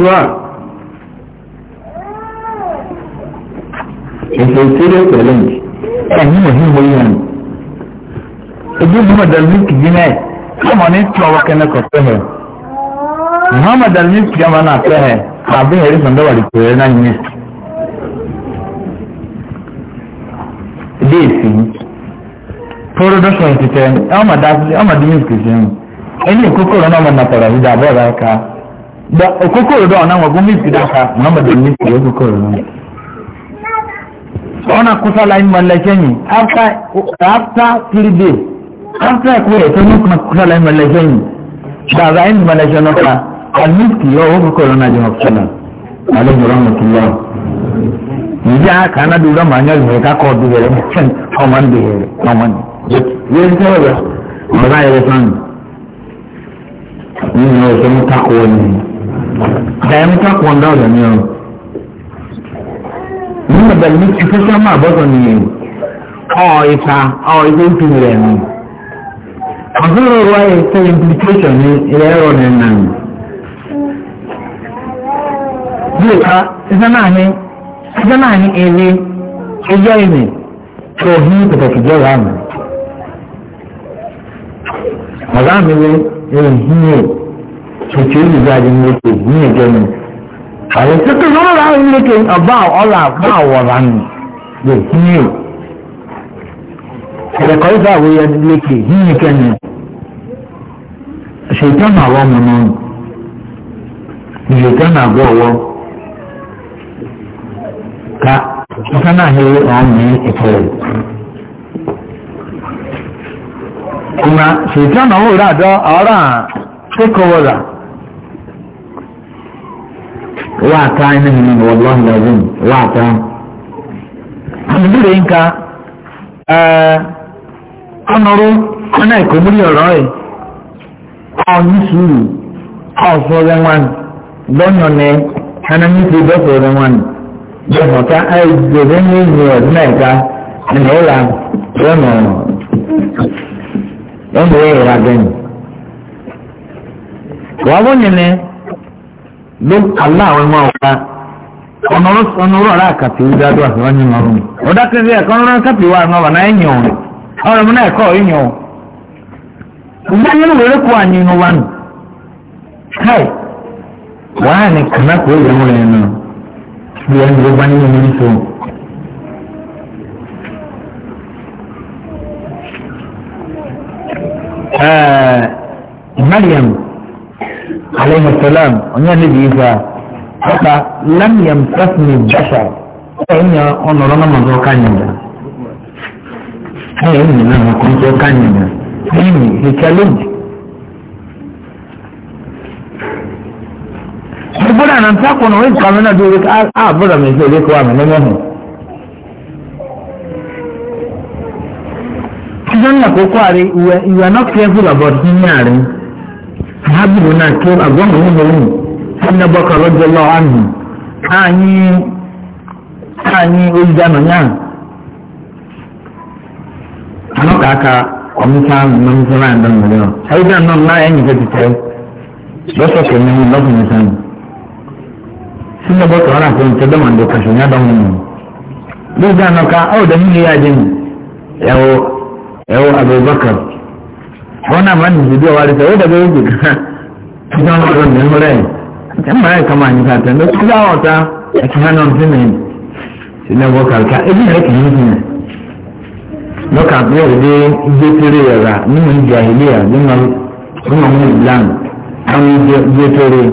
wà it's a serious challenge ẹ̀yìn òhìn wọ́n yẹn ojú muhammad al-miki yìí náà kọ́mọ ní tí ọwọ́ kẹ́nẹ́ kọ́ fẹ́hẹ̀ muhammad al-miki yẹn wọn náà fẹ́hẹ̀ àbí ẹ̀rí sọ̀ndọ́wà lè pèrè náà yẹn déèsì production ti tẹ ọmọdé ọmọdé miki sí ẹni ìkókòrò náà mọ̀ nàpọ̀rọ̀ ìdàbọ̀ rẹ̀ ká da okokoro da wannan wagon miski da ka muhammad da miski ya okokoro ne ona kusa lain mallake ne after after three days after ko ya tani kuma kusa lain mallake ne da za yin mallake na ka al miski ya okokoro na jama'a sallan alaihi rahmatullah ya kana dura manyar ne ka ko dure ne kan kaman da yare kaman Ni tawa ba za ya san ni ne wasu mutakwani diameter kwan da da ne ni na bal ni ki fasa ma ba ko ni o isa o isa ti ne ni azuro ruwa ya ta implication ni ile ro ne nan ni ka isa na ni isa na ni ele ejo ni to hi to ta je wa ni Magami ni ehi ni ṣètò olùdarí mẹ́tò ní ẹ̀jẹ̀ mi àwọn tètè lọ́wọ́ ra mẹ́tò ọba ọ̀la àpá àwọ̀ra nù lè ní o ẹ̀rẹ̀kọ́ ìfẹ́ àwọn ẹ̀yẹ lẹ́kẹ̀ ní ìkẹ́ni ṣètò náà wọ́n mu náà ìṣètò náà gbọ́ ọwọ́ ká ìṣẹ́ náà hẹ́rẹ́ ọ̀hún ní ìfẹ́ rẹ̀. kuma ṣètò náà wò rà dọ́ ọ̀rọ̀ àkókò wọ̀ wata ainihin nan wallahi lazim wata alhamdulillah nka ọnọrọ ọnà ìkòmúrí ọ̀rọ̀ ẹ̀ ọ̀nyí sùúrù ọ̀fọ̀rẹ̀ wọn lọ́nà ní hanamíkì bẹ́fọ̀rẹ̀ wọn bẹ́fọ̀ta ẹgbẹ̀rẹ̀ ní ìlú ọ̀dún ẹ̀ka ẹ̀nà ọ̀la lọ́nà lọ́nà ẹ̀rọ agẹ́ni wàá wọ́n nyẹ́ lórí aláwọ̀ ẹ̀wọ̀n ọ̀ka ọ̀nọ̀rọ̀ ọ̀rá àkàtì ìdá àdúrà sí wọ́n yìnbọn rùn. ọ̀dà kí n ṣe ẹ̀kọ́ ọ̀rọ̀ kàtì wà náà wọ̀nà ẹ̀yìn ọ̀rẹ́ ọ̀rẹ́ mi náà ẹ̀kọ́ ẹ̀yìn ọ̀. ìgbà yẹn ló wẹ̀rẹ̀ kó àyìn inú wa nù. káì wàá ní kànáàkó ìyẹ̀wò yẹn náà bí ẹni ló bá nínú mi tó. Mariam. عليه السلام أنا نبي إيسا حتى لم يمسسني البشر فإني أنا رمى من ذو كان يمدى فإني لما كنت ذو كان يمدى فإني هي challenge Ìbúra náà ń sákòónà wọ́n ìkàwé náà dúró wípé àbúrò mi ìṣòro kó àmì lẹ́yìn ọ̀hún. Ṣé ní àkókò àrí you are not careful about him ní àárín? sáábìrì náà kí agbọ́n òun lòun ẹni bọ́kà lọ́jọ́ lọ́wọ́ àmì káàyín káàyín olùdáná náà anọ́kàáka ọ̀mùsá mọ̀mùsọ́lá ẹ̀dọ́nùmọ̀lẹ́ ọ̀ ẹ̀dá náà náà ẹ̀yìn fẹ́ títẹ́ lọ́sọ̀kẹ̀ ní ọmọ lọ́kùnrin sáà sínú bọ́kà wọn àti ọ̀nùtẹ́ dọ́mọ̀dé kàṣẹ́ ní adọ́mọ̀ nù lọ́sọ̀kẹ̀ náà ká ọ̀dọ̀ wọn náà máa ń dìde bí ọwọ́ àdìsẹ́ ó dàbí ojú kan tí wọ́n máa lọ nínú rẹ̀ ẹ̀ máa ẹ̀ka máa nìkan tẹ̀ ló kí láwọn ọ̀tá ẹ̀ka hàn náà sí mi sí lẹ́wọ́ kàkà ebi rẹ̀ kì í fi hàn lọ́kà bí ọ̀dẹ́ gbé tẹ́lẹ̀ rẹ̀ rà nínú ìjà ilé à nínú ọmọ ìlànà àwọn gbé tẹ́lẹ̀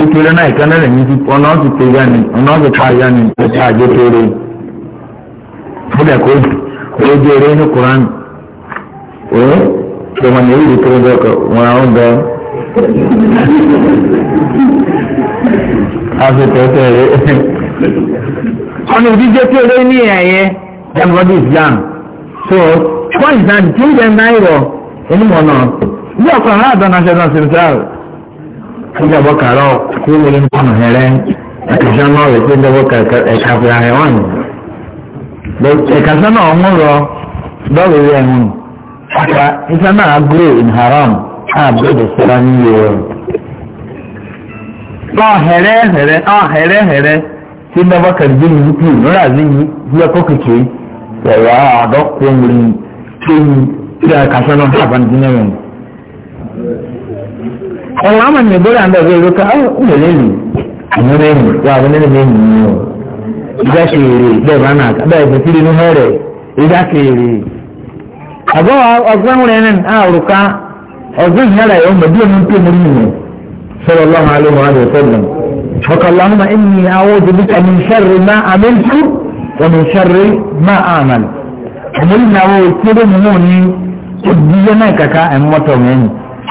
ó tẹ́lẹ̀ náà ìkan náà ní ọ̀nà ọ̀sì tẹ́ yá ni ọ̀nà ọ̀sì pa yá ni ọ̀sì àgbé tẹ́lẹ̀ ó dẹ̀ kó ó eré ní kuran to man yi to da ka wa'un da afi to to re ọ̀nà òdíjẹ́ tí olóyè ní ẹ̀yẹ ẹ̀mọ́dé islam so for example tí ó jẹ́ náírà onímọ̀ náà bí ọ̀kan aláàdá national central ìjọba kàrọ̀ tí ó wọlé nǹkan ẹ̀rẹ́ ẹ̀kẹ́sẹ́ náà rẹ̀ tí ó jẹ́ ẹ̀ka fìlà ẹ̀wọ̀n ẹ̀kẹ́sẹ́ náà ń rọ lọ́rọ̀ rẹ̀ ẹ̀wọ̀n. Haka ita ma agree in haram, a gbé da sọ́ra ní yóò. Ọ hẹ̀rẹ́ hẹ̀rẹ́ ọ hẹ̀rẹ́ hẹ̀rẹ́ tí bàbá kàrìbí ní yíkú lọ́rọ̀ àbí yí yẹ kó kéke sọ̀rọ̀ àdọ́ kóńgìrì tí tí a kàṣẹ́ náà sábà ní dínà rẹ̀. Ọ̀rọ̀ àmà ní ìbúra àndà bẹ́ẹ̀ ló ká ọ̀hún lẹ́yìn àgọ́ ọgbọ́n rẹ̀ ní àrùká ọgbọ́n yàrá yóò mọ̀ bí omi tó mú nìyẹn sọ̀rọ̀ lọ́wọ́ alóhùn àdó sọ́dọ̀ ọkọ̀ lọ́wọ́ ẹni àwọn òdìbí ẹni sẹ́rì má àmẹ́tú ẹni sẹ́rì má àmàl àmọ́lì náà wọ́n kéré mú ní ìdíyẹ náà kàkà ẹ̀mọ́tọ̀ mẹ́rin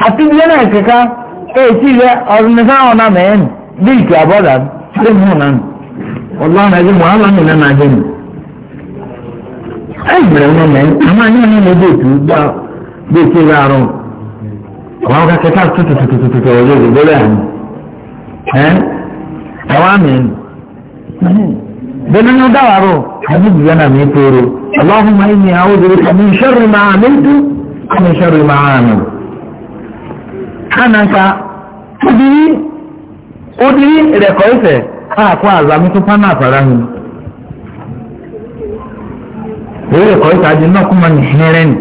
àti ìdíyẹ náà kàkà èyí rẹ̀ ọ̀rùnìfáwọn náà mẹ́rin bí ìkẹ́ àbọ̀dà ẹgbẹ̀rẹ̀ wọn mẹ́ àmọ́ àyìn ní mo dé tu gbà dé tu láàárọ̀ àwọn akẹ́kẹ́ ká tutù tutù tutù tutù ọ̀rọ̀ lórí lórí àná ẹ́ àwọn àmì bẹ́ẹ̀ ni wọ́n dá wàá rọ̀ àbí bìbí náà mi tóoro aláwọ̀ máa ń yìn àwọn obìnrin kan ní ìṣẹ́rù máa mi tú kọ́ mi ìṣẹ́rù máa mi. kánàkà obìnrin obìnrin rẹ̀ kọ́ ìfẹ́ káàkó àlámi tó pánà àfàrà yìí èyí ẹ̀kọ́ ìtajà náà kún mọ́ nìhẹ́rẹ́ ni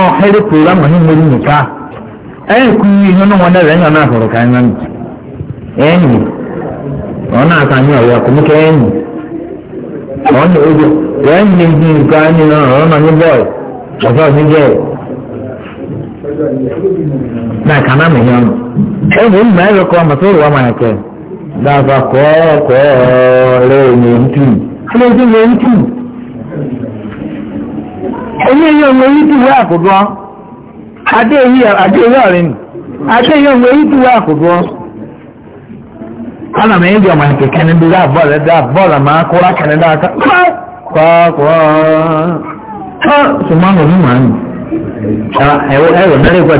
ọ̀ hẹ́rẹ́ pòrámù ní mórí nìka ẹ̀yìn kú iná náà wọn dẹ̀ ẹ̀yìn ọ̀nà àfọ̀rọ̀ ká ẹ̀yìn ẹ̀yìn ọ̀nà àtàní ọ̀rẹ́ ọ̀kùnmí kẹ́ ẹ̀yìn ọ̀nà ojú ẹ̀yìn lè di nǹkan ẹ̀yìn náà ọ̀nà ní bọ́ọ̀lù ọ̀fẹ́ òní jẹ́ ẹ̀ náà kàná mi yẹn ẹ̀yìn ìmọ̀ ẹ̀rọ kọ́ ọmọ kọ́ ọ̀rẹ́ òní ẹ̀ onye ihe onwe itu uwe akụgọ adịghị adịghị adịghị onwe itu uwe akụgọ ana m eji ọma nke kene ndị abụọ dị abụọ ma akụra kene dị aka kwa kwa e, e, e, ọ sụmanụ nụ ma anyị ẹwọ mẹrẹ àwọn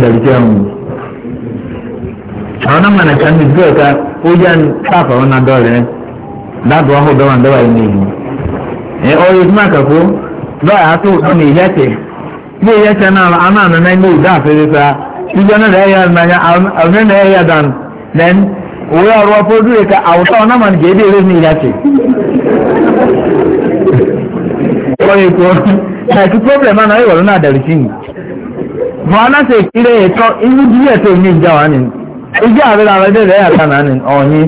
náà mọ̀nà ní bíọ̀ ká ó jẹ́ káàpà wọn náà dọ̀rẹ́ ọ̀hún dọ́wà dọ́wà yìí nìyí ẹ ọ̀rẹ́ ìfúnmákàkó lọ́yà tó ọdún ní ìyẹ́tẹ̀ ní ìyẹ́tẹ̀ náà anáàna náà ní ìdá àfẹ́rẹ́fẹ́ a ìjọ náà ẹ̀yà nànyà àwọn ẹ̀nà ẹ̀yà dàn then òwe ọ̀rọ̀ fọ́dú ìka àwùtọ́ ọ̀nà mà nìkẹ́ ẹ̀dẹ́ ní ìyẹ́tẹ̀. ọ̀rọ̀ èkó ẹ̀kí problem náà ẹ̀wọ̀rọ̀ náà dàrí sí mi. mọ aláṣẹ ìkíré ẹ̀tọ́ inú bí ẹ̀tọ́ ní ìjà wa ni ìjà àrẹ dẹ̀rẹ̀ ni ọ̀yin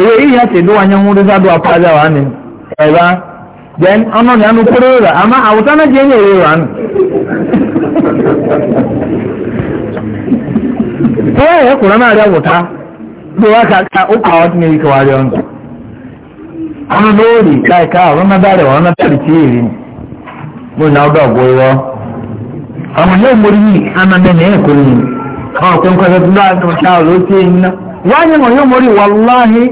èyí ìyẹ́tẹ̀ ló wà nyẹ́ ń rí sádùn then ọ̀nà ni anu kúrò rà àmà àwùjọ náà jẹ́ èrè rà nù. Tọ́wọ́ ẹ̀yẹ kùrọ̀ náà rẹ̀ wùtá bí wọ́n ká ká ó kà ọ́ tí níbi kẹwàá rẹ̀ ọ̀nà. Ọ̀nà lóòrì káìká ọ̀rọ̀ náà dárẹ̀ ọ̀rọ̀ náà dárẹ̀ tí èrè ni. Mo ní ọdọ̀ ọ̀gbọ́ irọ́. Ọmọ náà mo rí anamẹ́ ní ẹ̀kọ́ ni. Àwọn òkè nǹkan tuntun náà ní ọ̀ṣà ọ̀rọ̀ tí èyí ná. Wáyé wọn yóò mórí wàláhí.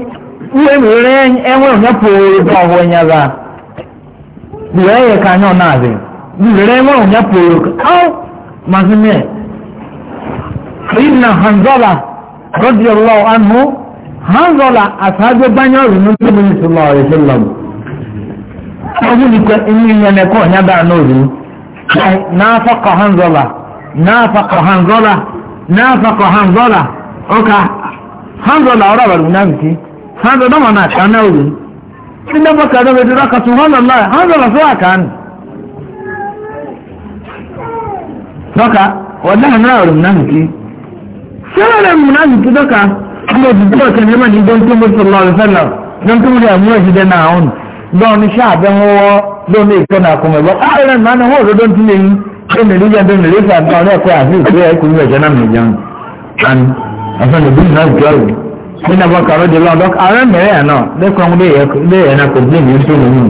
Wúwo èmi rẹ̀ ẹ̀wọ̀n ọ̀nà bìrẹ̀ ẹ̀yẹ ka anya náà na bìrẹ̀ ẹ̀wọ̀n ònyà pòrò pụrụ màsímẹ̀ ìdìnnà hanzọ́là rọ́dìọ̀lọ́ àánú hanzọ́là àtàgbé bányọ̀ rẹ̀ ní tóbi ní sọlọ́ rẹ̀ ṣe lọ. ọdún nìkan inú ìyẹn ẹ̀kọ́ ọ̀nyà bá àná òrùn náà fọkọ̀ hanzọ́là náà fọkọ̀ hanzọ́là náà fọkọ̀ hanzọ́là ọkà hanzọ́là ọ̀rọ̀ àbàlù náà bìtì hanzọ́là mọ̀ náà kàn náà òrùn. inda baka da bai raka subhanallah hanzu la sa kan saka wallahi na yaro munafiki sai da munafiki daka Allah ji da kan yamma ni don tumu sallallahu alaihi wasallam don tumu da mu shi da na'un don sha ban ho don ne kana kuma ba a ran nan ho don tumu yi sai ne riya don ne riya don ne ko a fi ko ya ku ne jana mai jan an asan da bin na jaru nínú àwọn kàró di lọ dọ́kà ààrẹ mẹ́rẹ́ àná lẹ́kọ̀ọ́ ń bẹ́ẹ̀ yẹn náà kò gbé mi tó nìyí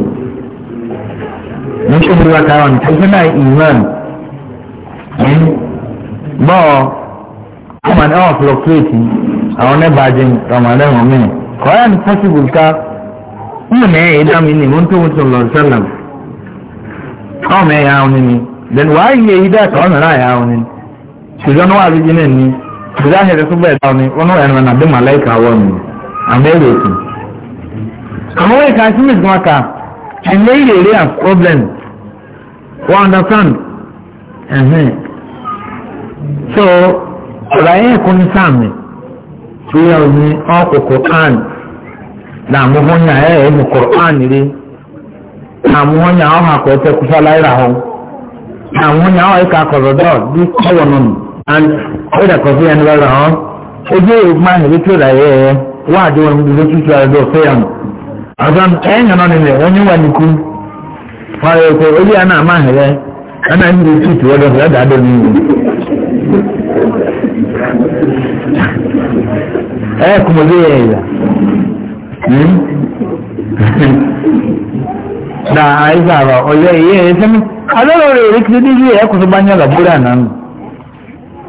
níṣẹ́ mi wá káwọn ẹgbẹ́ náà ìwọ̀n ní bọ́ọ̀ àwọn ẹ̀ wọ́n fluctuate àwọn nẹ́bàájẹ́ ọmọdé wọn mí kọ́ra ní pọ́sibù ká ń mẹ́ ẹ̀ dá mi ní mo ń tó wọn tó lọ sẹ́lá ọmọ ẹ̀ yà then wàá yẹ ìdá ẹ̀kọ́ ọ̀nà zahiri su bai dauni wani wa'yan wani abin malaika wani a mere ku amma wai ka shi mis maka and they really have problem we understand uh -huh. so ọ̀rọ̀ kun sáàmì tí yẹ ní ọkùnkùn kan làmúhóyà ẹ̀ ẹ̀mù kùrán rí làmúhóyà ọ̀hà kọ̀ọ̀tẹ̀ kúsà láìra hàn làmúhóyà ọ̀hà ìkà kọ̀rọ̀dọ̀ bí kọ̀wọ̀nù and ọ̀dà kọfí ẹni lọ́la hàn ojú èrò máa ń retí ọ̀dà yẹ ẹ wọ́n àjọ wọn ló tútù àdó ọ̀fẹ́ yàn àtàn ẹ̀yìn náà nílẹ̀ wọ́n ní wà ní kú wọ́n rẹ̀ pé ojú àná àmà hẹ̀rẹ̀ ẹ̀nà ń lè tútù ọ̀dọ̀ fẹ́ ọ̀dà àdó mi wò. ẹ̀ kùmọ̀lé yẹ̀ ẹ̀yà da aiza ba ọjọ́ iye ẹ̀sẹ̀ mi adọ́rọ̀ rẹ̀ rí kiri dídí ẹ̀kùn tó bá ní ọ̀gá búrà náà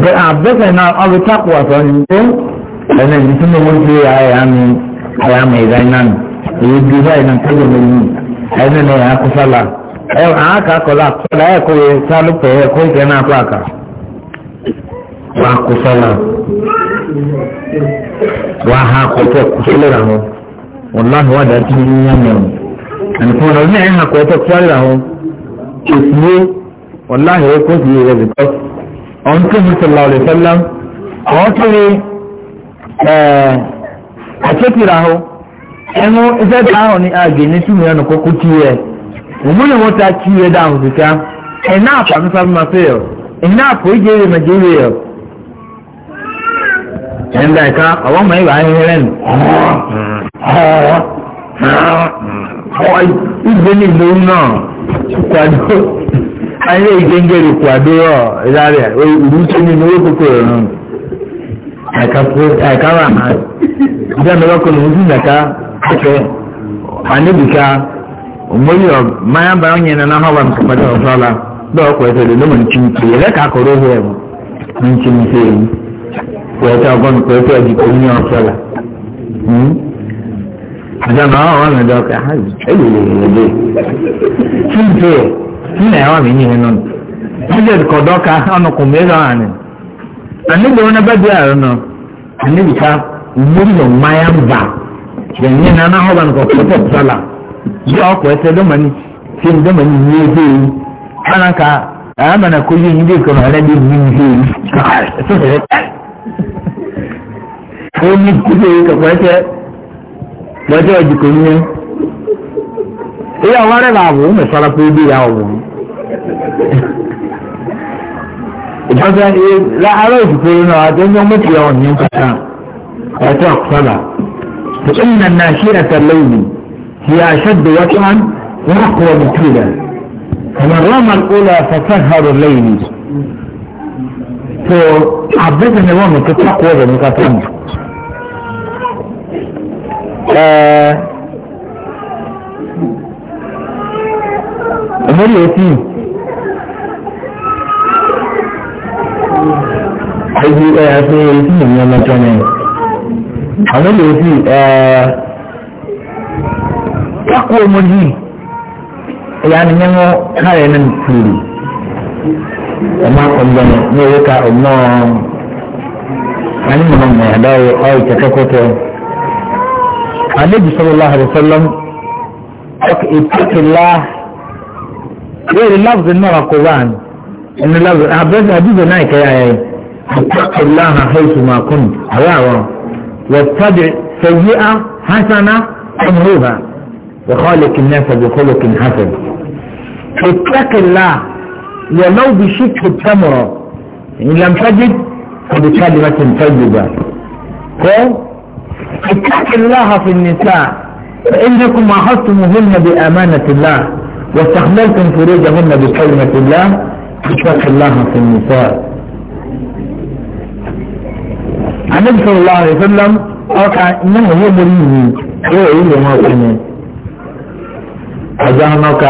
bẹ́ẹ̀ àbẹ́fẹ̀ náà ọbẹ̀ tako àtọ́ ni ó ẹ̀nà ìdí tí mo wọ́n ṣe àyà mi àyà mi ìdá iná mi èyí bí báyìí náà tẹ́lẹ̀ mi yìí ẹ̀nà ní ẹ̀yà kọ́sálà ẹ̀ àáka kọ́lá kọ́lá ẹ̀ kọ́ yẹ sálùpẹ̀ ẹ̀ kọ́ ìkẹ́ náà kọ́ àkà wà kọ́sálà wà ha kọ́tẹ́ kọ́sálẹ̀ rà wọn wọn náà wà dá tí mo yàn mẹ́rin ẹnìkan náà ní ẹ̀yà kọ́tẹ́ kọ́sálẹ̀ rà wọn èsì ọ̀n tó ní sọ̀lá ọ̀lẹ̀ sọ́lá àwọn tó ní àṣẹ́tìrà ahọ́ ẹnu iṣẹ́ tí ahọ́ ní àgbè ní túmọ̀ ẹnu kókó tí yẹ òun ni wọ́n ta tí yẹ dáhùn síta ẹ̀nà àpàmì fáfíma fẹ́ yọ ẹ̀nà àpò ìjẹ́rẹ̀ nàìjíríà yọ. ẹ̀ńdà ẹ̀ka àwọn ọmọ ìwà ahẹ́hẹ́rẹ́ nù. ìgbéni ìlú náà anyị na-ejengere kwadoro zaria uruche n'ime owó kókó ọ̀run àìkára àná ìjà mẹ́rọ kan lòún sí ìdàká ọ̀kẹ́ àníbìká òmòyí ọ̀ bá ọ̀nyẹ̀ náà náà wà nǹkan padà ọ̀fọ́lá bẹ́ẹ̀ ọkọ̀ ẹ̀sẹ̀ lè lọ́mọ nìkí nìkí ẹ̀rẹ́ ká kọ̀rọ̀ ọ̀hẹ́ ẹ̀mọ́ nìkí nìkí ẹ̀yìn wẹ̀ẹ́tẹ́ ọgbọ́n nìkọ̀ ẹ̀fẹ́ nna ya wami nyi hino jesus kodoka ano kumeza wani anigbo na badi aro no anibika muri no mayamba yenye na na hoba nko kote sala ya ko ete do mani tin do mani ni ebe ana ka ama na ko yin ndi ko na bi ni ni so se ko ni kuje ka ko ete lọ́jọ́ ìdìkò ní ẹ́ ìyàwó rẹ̀ làwọ̀ ó mẹ́sàrà pé ó bí ìyàwó wọn ìjọba فإن الناشئة الليل هي أشد وجعا وأقوى مقيلا فمن رمى الأولى فسهر الليل فعبد النوام تتقوى بمكاتب أمر يتيم ẹbí ẹ ẹsẹ etí ìlú ọlọ́jọ́ ni àwọn èlò etí ẹ kákó ọmọdé ẹ̀yà ni yẹn wọ́n káyọ̀ ní kúrú ọmọ akọ̀gbọ́n ní owó ká ọmọ ani mọ̀nà mọ̀ ẹ̀dá ọ̀yọ̀ kẹ̀kẹ́ kọ́tọ̀ alẹ́jì sọ́lọ́lá àdìsọ́lọ́m ọkọ̀ ìtẹ́kẹ̀lá lórí láàbùsọ̀ náà kọ̀ wáàni. إن الله عبد حديث نايك يا يا اتق الله حيث ما كنت أيوة واتبع سيئة حسنة امروها وخالق الناس بخلق حسن اتق الله ولو بشك التمر إن لم تجد فبكلمة طيبة اتق الله في النساء فإنكم أخذتموهن بأمانة الله واستخدمتم فروجهن بكلمة الله اتقوا الله في النساء النبي صلى الله عليه وسلم أوكا إنه هو مريض هو إيه ما كان أجانك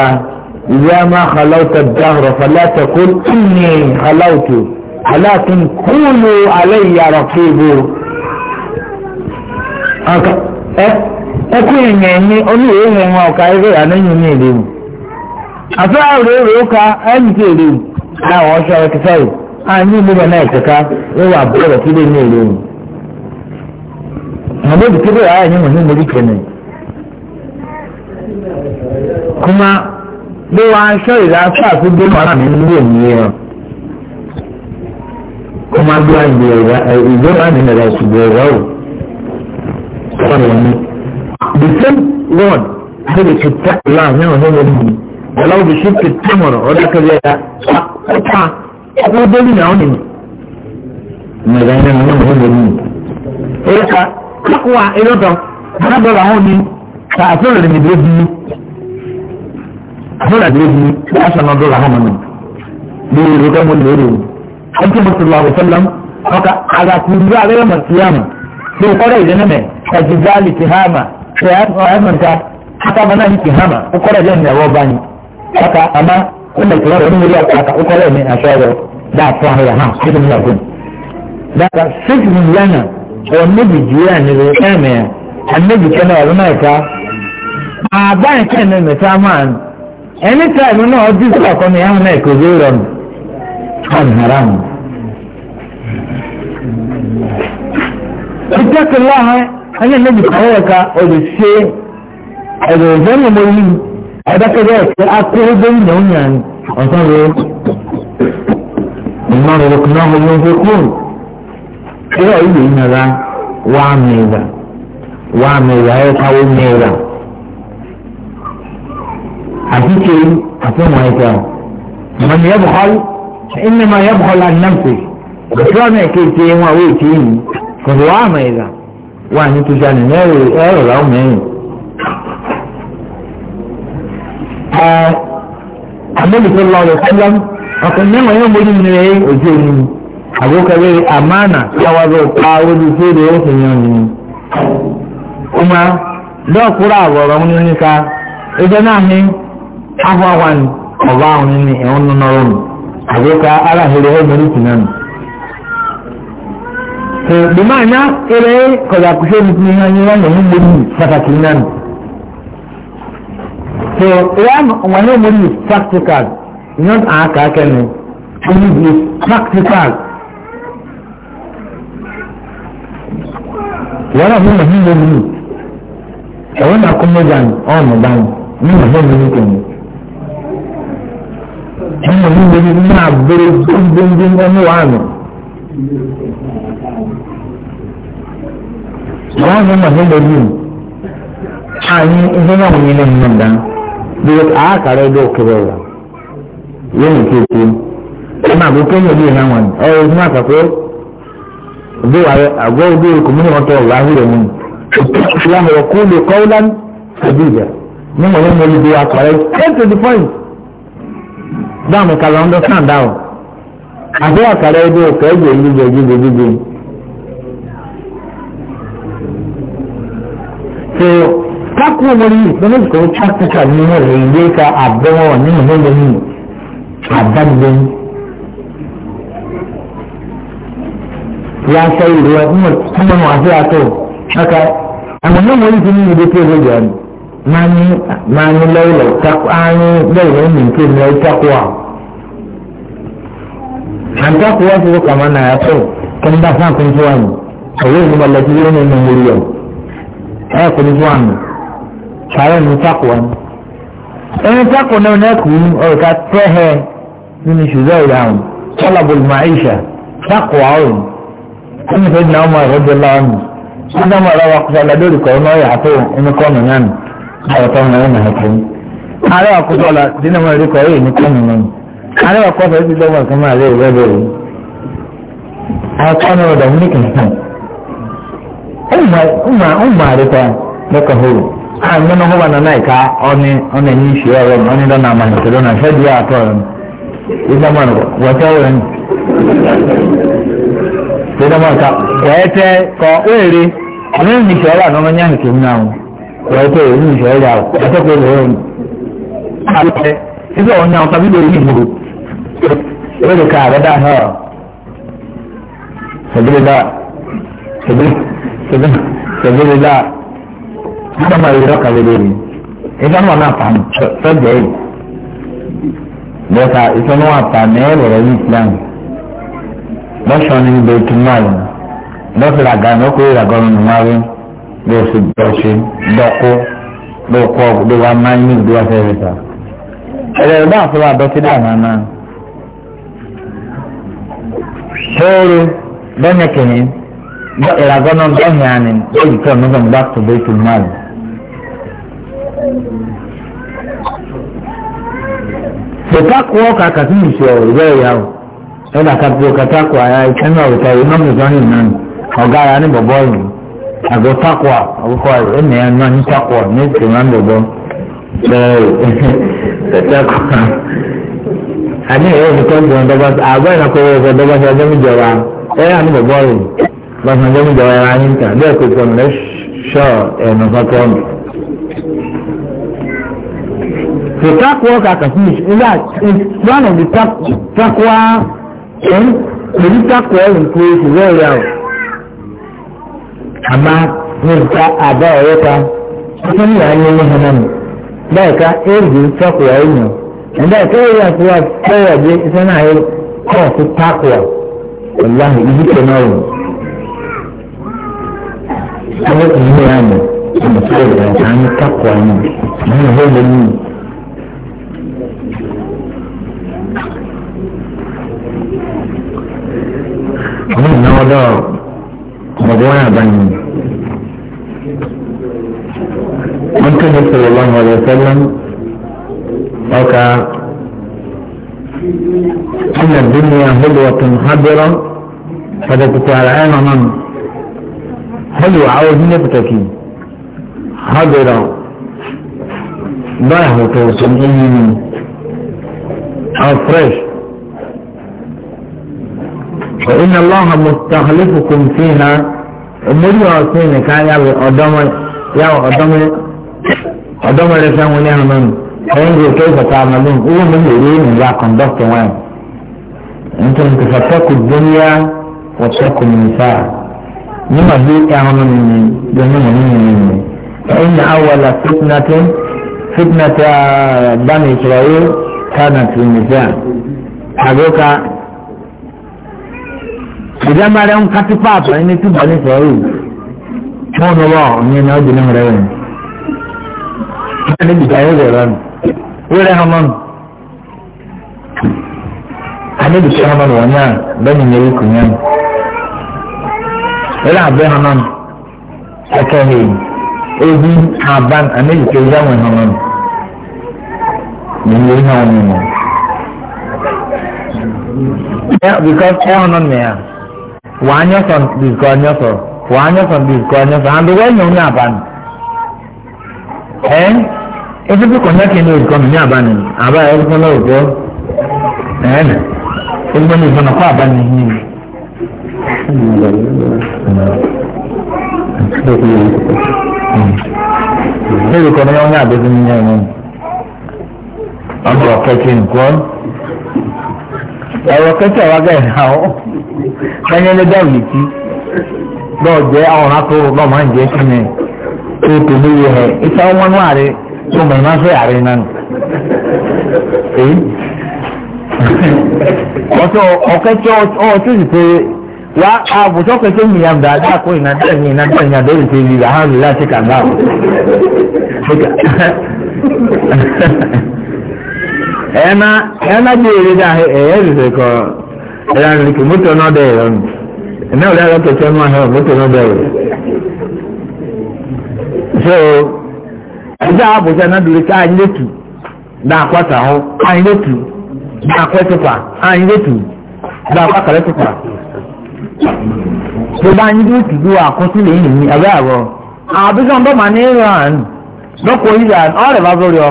إذا ما خلوت الدهر فلا تقول إني خلوت ولكن قولوا علي رقيب أوكا ẹkú ìyẹn ní أني wọn ọkà ẹgbẹ́ àná yìí ní èdè أنت àfẹ́ láwọn ọṣọ ọtí sọyì á ní ìlú rẹ náà ìkẹka ó wà bọ̀rọ̀ kí lè ní èlé ni. àwọn òbí kílè ayé ni wọn ní mo rí kẹ́nẹ̀. kuma bí wọn aṣọ ìlà fáàfù gbẹmọ ara mi ní èmi yẹn kuma bí wọn ìgbé ìgbé ìgbéra mi nàrà ìṣubú ẹ̀rọ o sọ̀rọ̀ ni the same word ṣe lè ṣe tẹ́ ìlànà náà ní ọlọ́wọ́ bí ṣíkì tẹ́mọ̀rọ̀ ọ̀dọ́kẹ́lẹ́ ẹ̀dá ọ̀pá ọ̀pọ̀ délì náà nìyí. mẹ̀rẹ̀ ẹ̀rọ náà wọ́n lè mú. èyí ká kákùwà ìrọ̀tọ̀ alábọ̀rọ̀ àwọn ni ká àfẹ́rẹ́ rẹ̀ nìbí bí àfẹ́rẹ́ rẹ̀ bí bí a sọ̀nà ọ̀dọ́rọ̀ àwọn nù. bí ìrù kẹ́ mo lérò ó ti mọ̀tò lọ àwòsàn lọ́m ọkà àgàkùnrin àrẹ́rẹ́ mọ̀tíyàmù bí ìkọ́rẹ́ ìdẹ́nẹ́mẹ̀ kàjìgbálì tìhámà ṣe àtúnṣe àtúnṣe àtàbọ̀nà ní tìhámà ó kọ́rẹ́ lẹ́nu ẹ̀wọ́ báyìí haka amma wannan kuma da wani wuri a haka uku rai ne a shago da ta haya ha cikin lagun da ka sifin lana wannan bijiya ne da ya mai annabi kana wa zama ta a bayan kan ne mai saman anytime na ọdún sọ àkọni ahun náà kò zó rọ nù hàn haram ìtẹ́kùn láhàn ẹni ẹni bìkọ́ ẹ̀ka ọ̀dọ̀ ṣe ẹ̀dọ̀ ọ̀dọ́ ni mo oh, oh, yí ẹ̀dẹ́kẹ̀dẹ́ ẹ̀kẹ́ akérèdọ́rì náà ń yàn ọ̀sán rẹ̀ ìmọ̀ rẹ̀ kùnà ọmọ ọmọ kúrò kíra ìlú ìnara wà mẹ́ra wà mẹ́ra ẹ̀káwó mẹ́ra àtúnṣe àtúnwọ̀n ẹ̀ka mọ̀nì ẹ̀bùkọ́lù ìnìmọ̀ ẹ̀bùkọ́lù ànáfẹ́ òṣùwọ̀n náà kéèké wọn àwọn amẹ́lìkọ́ lọ́rọ̀ sẹ́lẹ̀m ọkùnrin mẹ́wàá yóò mójú ní rẹ̀ ojú omi ni àgbókẹ́rẹ́ àmánà yàwárọ̀ pa ojú fèrè òfin yàn ni. kuma dọ́ọ̀kúrọ̀ àwọ̀rọ̀ ń ní ká ẹjọ́ náà ní afọ àwọn ọba àwọn ní ẹ̀hún nínú ọrọ̀ mi àgbókẹ́ aláhẹ̀rẹ̀ so wọn wọn yóò mọ̀rí practical yóò àá kà á kẹ́nu ẹni bí practical. wọ́n náà fún màmí ló mú ẹ̀wọ́n náà kó mọ́jà ọ̀nà dání ní màmí ló mú kẹ́nu. ẹni màmí ló mú náà bẹ̀rẹ̀ gbóngbóngbóng ẹni wà nù. wọ́n fún màmí ló mú àyìn ìdúnnà wọ̀nyí lẹ́yìn náà dání bíi àákàrẹ́ ẹgbẹ́ òkèrè ọ̀la lónìí kéèké ẹ máa bó kéèyàn bíi ìhàn wọn ẹ ẹ máa kàkó bí wàá àgọ́ ìdí ìkùnmí wọn tọ̀ wá húrẹ̀ mú ìyáhùn ọ̀kú lè kọ́ọ́lá àbí ìjà ní wọn yóò mọ̀lẹ́ bí àkàrẹ́ ten to the point dáàmú kàlà understand dáwọ̀ àbí àkàrẹ́ ẹgbẹ́ òkèrè ẹgbẹ́ jíjẹ jíjẹ jíjẹ kakú omori ìpínlẹ̀ èkó chakita ní ọ̀rọ̀ ìwé ka àbẹ̀wò nínú ìwé ní àdágbé ya sọ ìlú ẹ ń mọ wọn àti àtọ ọkà àwọn náà wọlé ti ní ìdókè ìwé jẹ ní máa ní máa ní lẹ́yìnlẹ̀ takú ányí lẹ́yìnlẹ̀ ní nké ní ẹ̀ takú à àtakú wá sí ọkà máa nà àtọ kí n bá sáà kún tó wà ní ìgbìmọ̀ lẹ́tí yóò ní ìmọ̀ mórí ẹ̀ ẹ̀ kún tó wà ní sàárẹ̀ ní takwa ni ẹni takwa náà nẹ́kùn ọ̀rọ̀ ká tẹ́hẹ̀ nínú ṣùgbọ́n ìdáhùn sọ́làbù màáìṣà takwa ọ̀rọ̀ ẹni fẹ́ ní ọmọ ẹ̀rọ jẹ́ láàánú sọ́dọ̀ mọ̀ ẹ̀rọ wakùsà ládórí kọ́ ọ̀nà ọ̀yà àtọ̀ ẹni kọ́ nìyàn àwọ̀tọ́ ọ̀nà ẹ̀rọ nìyàn ààrẹ wakùsà ọ̀la dínà mọ̀ ẹ̀rọ kọ́ ọ̀yà ẹni kọ́ nìyàn ààrẹ wakùsà ẹ̀sì dọ́wọ́ ẹ̀kọ́ máa rẹ̀ rẹ̀ rẹ̀ àwọ̀tọ́ ọ̀nà ọ̀dọ̀ mú ní kìnnìkan ọ̀ma àrẹ́ta lọ́kọ̀ hóró a nínú kó bàtà náà ìka ọ̀nì ọ̀nà ẹ̀yìn ìṣe ọ̀rọ̀ ọ̀nì dọ́nà àmàlẹ̀ tó dọ́nà fẹ́ di àtọ̀ rẹ̀ ìgbà mọ̀ wọ́tẹ́ rẹ̀ tó dọ́mọ̀ ká kẹ́ẹ́tẹ́ kọ éèrè ọ̀nà ẹ̀yìn ìṣe ọ̀rọ̀ àná nyá nìkè nínú àwọn wọ́tẹ́ ẹ̀yìn ìṣe ọ̀rọ̀ àwọn ẹ̀tọ́ kò lè rẹ̀ àbẹ̀ síbẹ̀ ọ̀nà ọ̀tà bíbẹ̀ yìí gbòòrò lórí ká àbẹ̀ dá hẹ́ọ̀ sẹ̀gbẹ̀rẹ̀ dá sẹ̀gbẹ̀rẹ̀ dá nígbà máa yọrọ kalẹ̀ lórí nígbà máa náà fà sọ́jà yìí bẹ́ẹ̀ ìfẹ́nu wà fà mẹ́ẹ̀ lọ́rọ̀ yìí islam lọ́sọ̀ ní ibẹ̀ tún máa lọ lọ́sọ̀ làgà ní ọkọ̀ yìí làgọ́ nínú máa rí lọ́ọ̀ sí dọ̀ṣẹ́ dọ́kú lọ́ọ̀kọ́ lọ́wọ́ máa ń ní ìdúró afẹ́rẹ́ ta ẹ̀rọ ìbá àfọwọ́ àdọ́sí dáhùn náà sóòrò bẹ́ẹ̀ mẹ́kẹ̀ẹ́ ìràgọ́nà dọ́hìn àná lóyìí kọ́ ọ̀nà gbàgbọ́ da takuwa kaka sun shi yau zai yawo yau da kakuwa ka takuwa ya yi kan yau ta yi mamu zanin nan ọgara ni bọbọ yìí àgọ takuwa àkókò ayò ẹnì yẹn náà ní takuwa ní ìsìnkú bọbọ ṣe takuwa àní ẹ̀rọ nìkan tó ń dọ́gba àgọ́ ìnákọ̀wé ẹ̀fọ́ dọ́gba ṣe ọjọ́ ìjọba ẹ̀rọ àní bọbọ yìí lọ́sàn ọjọ́ ìjọba ya ayé ń tà bẹ́ẹ̀ kò tọ́ ní The takwa kaka finish. In that, one of the tak takwa and the takwa in place very well. Amma nta ada ọ̀rẹ́ta ọ̀sán ní àárín ẹni hàn náà. Bẹ́ẹ̀ ká éèdì takwa èèyàn. Ẹ̀dá ìtọ́wé yà fún wa fẹ́rẹ̀ bí iṣẹ́ náà yẹ kọ́ fún takwa. Wàláhì ibi tó náà wò. Àwọn ìlú yà mọ̀ ọ̀sán ìrìn àárín takwa náà. Àwọn ìwé lè ní. ọmọ ìnáwó dọ́ ọmọdé wọn àbáyé wọn kéde sọ̀rọ̀ lọ́wọ́ ọ̀rẹ́ sẹ́lẹ̀m ọkà ọmọ ìdúnnìyà hólùwà tó ń hábẹ́rọ́ pàtàkì ara ẹ̀ mọ̀mọ́ hólùwà àwọn ìdílé pàtàkì hábẹ́rọ́ báyà hòtò sọ̀rọ̀ yìí ni àwọn fresh. فإن الله مستخلفكم فيها أمري سيني كان يابي أدمر يابي أدمر أدمر لسان ونعم من فإنجي كيف تعملون هو من يريد يا قندفت وين أنتم تفتكوا الدنيا واتقوا النساء مما بيك يا من جميع من فإن أول فتنة فتنة بني إسرائيل كانت في النساء حقوقها ìdá máa rẹ̀ ń kátí páàpù ẹni tí bọ̀ ní sọ̀rọ̀ tí wọ́n lọ́wọ́ ọ̀yẹ́ náà ó di náà rẹ̀ wẹ̀. Kíkàdé bìtà yóò rẹ̀ rẹ̀ wíwẹ̀ hàn mọ́nu. Àdébì tí hàn mọ́nu wọ̀nyá bẹ́ẹ̀ni ní erékùn yẹn. Wíwẹ̀ àbẹ́ hàn mọ́nu kẹ́kẹ́ hìn ebi àbán àdébì tí ìyá wọn hàn mọ́nu. Nìyẹn hàn wọn nìyẹn. Because ẹ hàn mọ́nu mẹ́yà wàányọ́sọ̀n bìkọ́ ọ́nyọ́sọ̀ wàányọ́sọ̀n bìkọ́ ọ́nyọ́sọ̀ àndó wẹ́nyọ̀ ní àbánu ẹ́ ebi bí kọ̀nyákì ní òkò ní àbánu àbá ẹ̀rọ fún lọ́wọ́ ẹ̀ nà ebi ní ìfọ̀nà kọ́ àbánu yìí ni. ebi kọ̀ ní ọ̀nyá àbẹ̀bí ní ẹ̀rọ ọ̀nà ọ̀kẹ́kẹ́ nǹkan ẹ̀rọ kẹ́kẹ́ wa gẹ̀ ẹ̀hà ọ́ ẹ̀yẹ́ ló dá òye tí bọ́ọ̀ jẹ́ àwọn akóró bá máa ń jẹ́ sí mi tó tó ní iye ẹ̀ ìta wọn náà rẹ̀ tó mọ̀ ìmáa fẹ́ àárẹ̀ náà nù. ọ̀tọ̀ ọ̀kẹ́kẹ́ ọ̀tún sì pé wa àbùsọ̀ kẹ́kẹ́ mi yàn dáa dáa kó ìnàdẹ́ mi ìnàdẹ́ mi àdó ìpè yìí láti kàgbà. ẹ̀ẹ́nà ẹ̀ẹ́nà bí èrè dà ẹ̀yẹ́ ṣẹṣẹ kọ ẹ̀yà rìkì mọ́tò náà dẹ̀ ẹ̀rọ nù ẹ̀nà òde ẹ̀rọ kẹ̀kẹ́ máa hẹ̀ mọ́tò náà dẹ̀ ẹ̀rọ. so ẹja àbùjá náà dùrẹ́ ká àyìn lẹ́tù dá àkwátà hó àyìn lẹ́tù dá àkwẹ́tùpà àyìn lẹ́tù dá àkwákàlẹ́tùpà. tó bá ń dúró tìdú àkọsílẹ̀ yìí ní abẹ́ àrọ àbíkàn bọ́ màá ní ìran dọ́kọ̀ yìí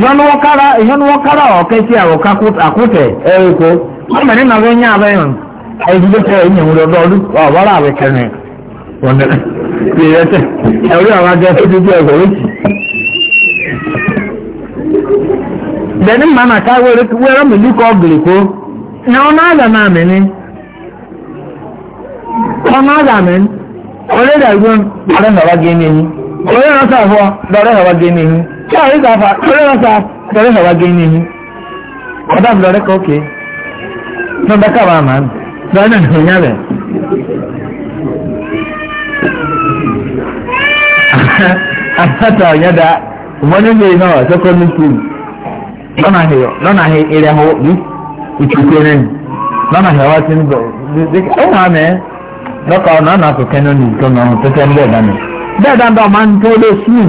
ìyọnuwọ kára ọ̀kẹ́ sí àwòká àkútẹ̀ ẹ̀ẹ́kọ́ ọmọ ní nàbẹ́ ní abẹ́ yàn ẹ̀ẹ́dúgbò tẹ ẹ̀yìn ìwúrọ̀ ọdún ọ̀bọ̀rọ̀ àwẹ̀ kẹrin ọ̀nà ìrẹsẹ̀ ẹ̀rí àwọn ajá fífi bí ẹ̀kọ́ lóṣì. bẹ̀ni mma nà ká wẹ́rẹ́ mi lúkọ́ gìrìkó na ọ náà ọ gé gé kí àwọn ìgbà fà lórí wọn sà lórí ní ihu ọ̀dà mi ní ọ̀dà lọ́nà àhìyọ̀ lọ́nà àhì ìrẹ̀ hó ní ìtùkú rẹ̀ lọ́nà àhìyọ̀ wá sí ń bọ̀ ẹ̀ wọ́n àmì àtọ̀kẹ́ náà nìkan tẹ́tẹ́ ń bẹ̀ẹ̀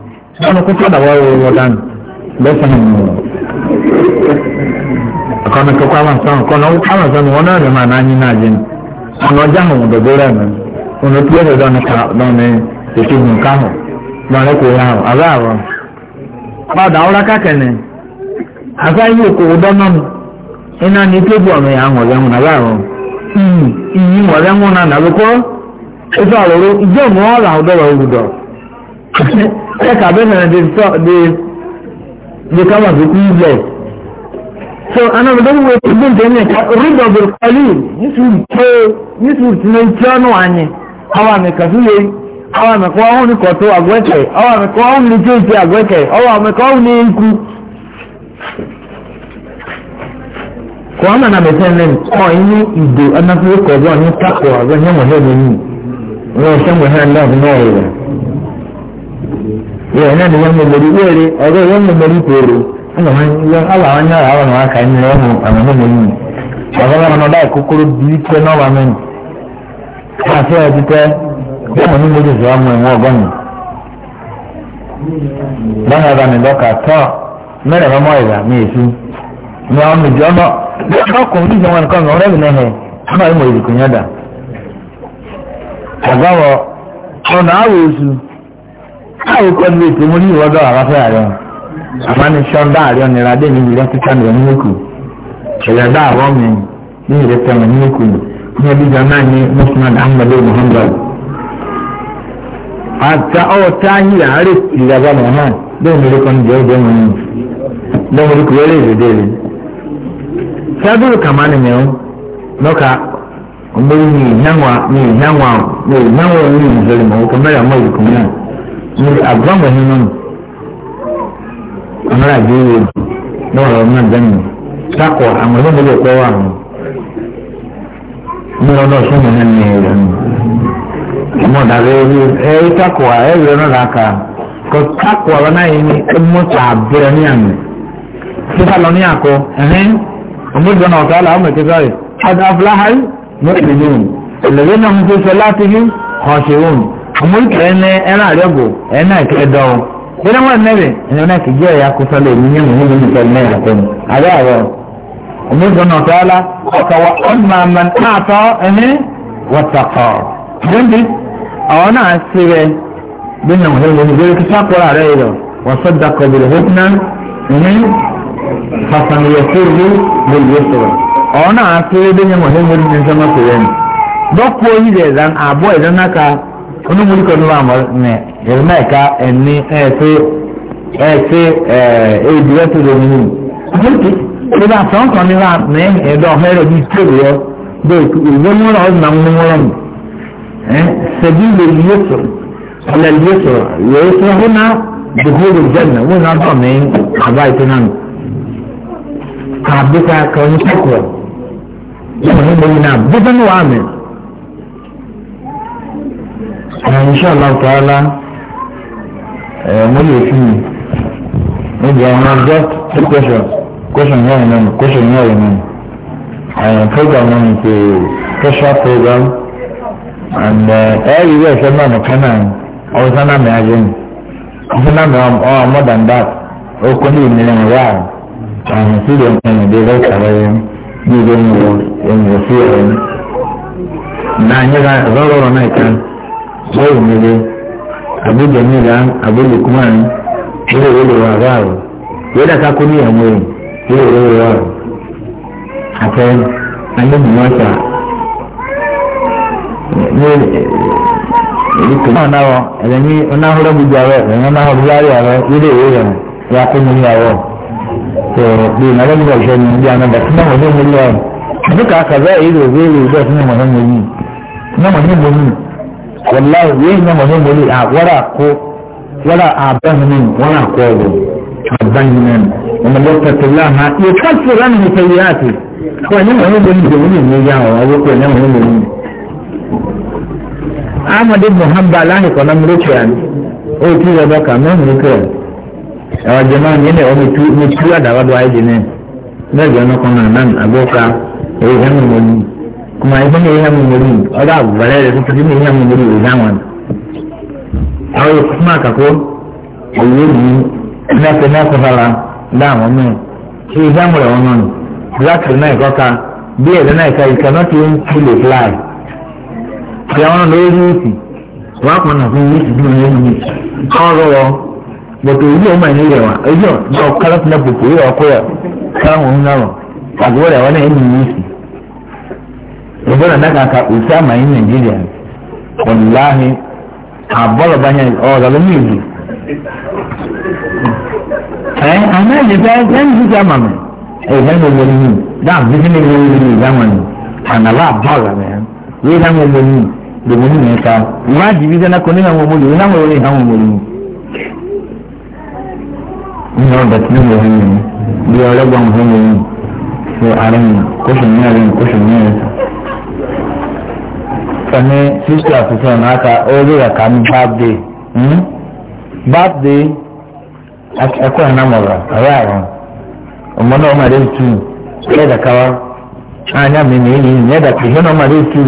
wọn kò tó dàwọ́ wọ́wọ́ dánù lẹ́sìn ìmọ̀ ọ̀kọ́ni kọ́kọ́ àmàsán ọ̀kọ́ni àmàsán wọn náà lè máa náà yín náà jẹun ọ̀nà ọjà hàn òdòdó rẹ̀ mọ́ ọ̀nà tí yóò dọ̀dọ̀ ní ètò ìgbìn káhùn lọ́rẹ́ kò yá hàn àbẹ́ àwọ̀ ọ̀dà ọ̀rá kákẹ́ni àfẹ́ yìí kò dọ́ hmm, náà iná ní tóbi ọ̀nà yà hàn ọ̀rẹ́ hàn àbẹ́ àwọ̀ ẹ̀ka bẹ́ẹ̀ náà dey talk dey dey come as a cool bless so anam don wey to bin ten ne ka rid of the colleague nisu to nisu tine tia no anyi awa mi kasu ye awa mi kọ́ ọ́hún ni kọ̀tó àgwẹ́kẹ̀ awa mi kọ́ ọ́hún ni jẹ́jẹ́ àgwẹ́kẹ̀ awa mi kọ́ ọ́hún ni nkú kọ́ ọ́nà náà bẹ̀ sẹ́yìn lẹ́nu ọ̀ inú ìdò anáfíwé kọ̀ọ̀bọ̀ ní kákò àgbẹ̀ yẹn wọ̀ hẹ́ẹ̀ lẹ́yìn wọ́n ṣẹ́ hẹ́ẹ̀ lẹ́yìn náà yẹn náà ni wọ́n mọ̀ lórí wéèrè ọ̀rẹ́ wọ́n mọ̀ lórí pèrè ọ̀là wọn yára àwọn ọ̀nà àkà ẹ̀yìn rẹ̀ mọ̀ àwọn ọmọ yìí ọ̀rẹ́ wọn ọ̀dà ìkókóró bíi pé náà wà mẹ́rin àti ẹ̀dí tẹ́ bẹ́ẹ̀ ni mo lè sọ ọmọ ẹ̀wọ̀n ọgọ́nù báyìí ọ̀dà mi dọ́kà tọ́ mẹ́rin ọmọ ìlà mi èsú ni àwọn mèjì ọmọ ọkùnrin ìjọba nǹkan ọ̀rẹ́ mi náà hẹ̀ ọmọ ìmọ̀ ìdìkùn yẹn dà ọ̀gá wọ ọ̀nà àwọ̀ èsù káwọn kọ́ ní ètò mo ní ìwọ́dọ̀ àlàáfíà rẹ̀ àmọ́ ní sọ́ńdà àríọ̀ nira dé níbi ilé kíkà ní ẹ̀mí òkú ṣẹlẹ̀ dá àwọn mi ní ìrẹ́ tẹ̀mọ̀ ní òkú ní ẹbí jọ náà ní mọ́sánàdà ahmed muhammed àtà ọ̀ àárẹ̀ ìjàgbá bẹ́ẹ̀ ní ni ni níbi àgbọ̀ngbọ̀ nínú nù àwọn àgbẹ̀ yìí náà ọ̀rọ̀ náà dẹ́nu sákọ̀ àwọn olóńgbò lè pẹ́ wà wọn ní ọdọ súnmọ náà ní ẹ̀rọ nù àmọ́ dàbí ẹ ẹ sákọ̀ ẹ ẹ̀rọ náà làákà kò sákọ̀ ọ̀rọ̀ náà yìí ní ẹmọ́tà àbẹ̀rẹ̀ ní àmì sísá lọ ní àkọ ẹ̀hìn ọmọdé náà ọ̀tá omorike ene ena ariogo ena ikedo ene wa nebe ene na kije ya kusala eminye mu mu mu ne ya ko ara aro omorike na taala ka wa amma man ata ene wataqa jendi awona asibe binna mu hebo ni gele kisa ko ara ero wa saddaqa bil husna ene fasan yasiru bil yusra awona asibe binna mu hebo ni sama ko ene dokko yi da zan abo idan naka onímọ̀lì kan ló àmọ́ ní ẹ̀rọ náà ká ẹni ẹ̀ẹ́sẹ̀ ẹ̀ẹ́sẹ̀ ẹ̀ẹ́dìrẹ́ tó lè nínú. ọ̀dọ́kì ìgbà tó ń kàn ní ẹ̀dọ́ ọ̀hẹ́rẹ́ bíi tèbè yọ bẹ́ẹ̀ ìgbóhùnmọ́ra ọ̀dùnà múmúmọ́ra mi. sẹ̀bí lè yé sọ̀rọ̀ ọ̀lẹ̀ yé sọ̀rọ̀ yẹ sọ̀rọ̀ wọn náà dùkúrò jẹ́nà wọn náà bọ̀ mí àbá ètò náà. kàbíkà kan ní kẹ́kọ̀ọ́ inṣàlá tààlà mo lè fi níbi àwọn just two questions question yẹn nínú question yẹn nínú àwọn program náà ní pé special program and ẹ yìí wẹ̀ ṣẹ́ náà nìkan náà ọ̀sán náà mi ajé mi ọ̀sán náà mi ọ̀ more than that ó kọ́ ní ìmìíràn wá àwọn sílẹ̀ ọ̀sán ìdílé kàwé yẹn ní ìdí ẹ̀yìn wọ̀ ẹ̀yìn wọ̀ sí ẹ̀yìn náà nyẹ́ ká ọ̀rọ̀ náà kan sọ́yìn nílé àbújá nílá àbúlé kumán ilé ìwé wà ráàrù yẹ́dà kákó ní àwọn èèyàn ilé ìwé ráàrù àfẹ́ anígbìmọ́sà ní èyí tó náà náwọ ẹ̀lẹ́ni onáhùrọ̀ gbogbo àwọ̀ ẹ̀lẹ́ni onáhùrọ̀ láàrú àwọ̀ ilé ìwé yẹn ya kó mu ní àwọ̀ tó bí ìnáwó nígbà ni bí àná bàtí náà wọ́n mú ní àwọ̀ àbúkà kàzá èyí lè wé lè wàláyé yéé nyẹ mọ̀ ní mọ̀lẹ́ à wọ́rọ̀ àkó wọ́rọ̀ àbẹ́hìnì wọ́n àkó ọ̀rọ̀ àbẹ́hìnì ọmọ dọ́kítà tó yá ha yóò tó àti ìlànà ìfẹ́ yìí àti wọ́n nyẹ mọ̀ ní mọ̀lẹ́ ìdè wọ́n yìí yá ọ̀ ọwọ́ pé nyẹ mọ̀ ní mọ̀lẹ́. ahmed muhammed alahi kọ́nà mìíràn ó ti rẹ̀ bọ́kà mẹ́rin kẹ́ ẹ̀wọ̀n jẹ́ máa nyẹ́ ẹ̀wọ̀n mi tú àdàwádọ́ ayé jẹ́ náà kuma ya ne ya mun muri ala bare da su ne ya mun muri idan wan awo kuma ka ko ayi ni na ta na ko fara da mun ne shi da mu wannan zakar na ko ka bi da na kai cannot even feel the fly ya wannan da yi shi wa ko na kun yi shi ne ne ko ro bọ̀tò ìlú ọmọ ẹni rẹ̀ wá ẹjọ́ ọ̀kálọ́tì náà bùkún yóò ọkọ yà káwọn ń náà àgbọ̀ rẹ̀ wọn náà ẹni yìí sí ìbọn àdáka ka òsì àmàyí nàìjíríà wàláhì àbọ̀lọ̀ báyà ọ̀rọ̀ ló ní ìlú. ẹ àná ìjẹta ẹni tó ti àmà mi ẹ̀yẹ ní ọmọ yìí dáàbò bí ní ìlú yìí ní ìdáhùn ni ànàlá àbọ̀lọ̀ mi yìí dáhùn ọmọ yìí lòmù ní mẹ́ta ìwádìí bí dáná kọ nínú àwọn ọmọ yìí náà wọlé ìdáhùn ọmọ yìí. ní ọ̀dà tí mo wọ̀ yìí bí ọ̀rẹ́gbọ̀n mi fẹ́ mi yìí ṣe àárín kàní sísè àtúntò n'aka orí ẹ̀ka ní báàbdé báàbdé ẹ̀kọ́ ẹ̀ nàmọ̀rọ̀ ọ̀rẹ́ àrùn ọmọ náà ọmọdé tù ẹ̀ dàkàwá ányá mi nìyí nìyí ẹ̀ dàkà ìhẹ́ náà ọmọdé tù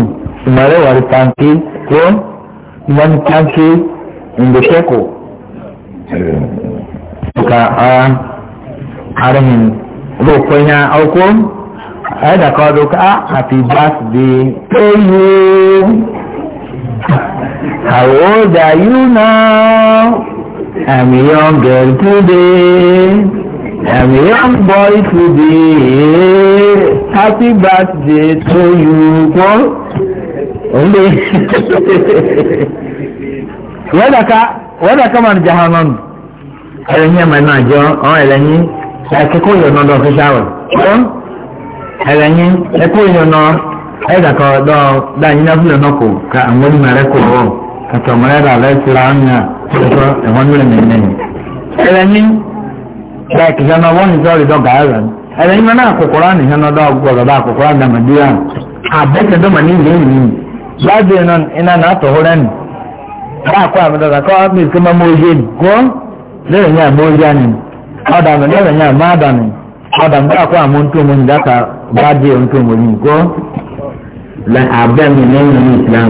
ìmọ̀rẹ́ wà rí pàǹkì kó ìmọ̀ ní pàǹkì ìgbésẹ̀kọ̀ ọ̀ka ara arìnrìn olóòpọ̀ yẹn ọkọ̀ ẹ̀dà kan ló ká happy birthday to you how old are you now i'm a young girl today i'm a young boy today happy birthday to you wọ́n òun lè wẹ́dà ká máa jahan náà ẹ̀rẹ̀ yẹn máa náà jọ ọ̀hún ẹ̀rẹ̀ yín ẹ̀kẹ́kọ̀ọ́ yọ̀ náà dọ̀ fi ṣáwẹ̀ ẹlẹ́yìn ẹkú èèyàn náà ẹ̀dàkọ̀ ọ̀dọ́ dáyìn náà fúlẹ̀ náà kò ka àwọn onímọ̀ rẹ̀ kò wọ̀ ẹ̀tọ́ mọ̀rẹ́ rà rẹ̀ ti ra ọ̀nà ẹ̀tọ́ ẹ̀wọ̀n nílẹ̀ mẹ́rin ẹlẹ́yìn bẹ́ẹ̀ kìí sẹ́nu ọwọ́ ní sọ́ọ̀rì dọ́gà ẹ̀rọ ẹlẹ́yìn náà kòkòrò àná ìhẹ́nu ọ̀dọ́ ọ̀gbọ̀rọ̀ bá kòkòrò àná màdúrà àbẹ́sẹ̀ dọ́mà ní ìlú èyí láti ẹ̀nà iná náà tọ̀ hóra nì báàkó àmọ́dọ́gà kọ́ ọ́fíìsì kí máa mọ́ ojú ọ̀dà ń dákọ̀ àwọn ohun tó mọ̀ ní dákà bá dé ohun tó mọ̀ ní nǹkọ́ la abẹ́mi lẹ́yìn ní islam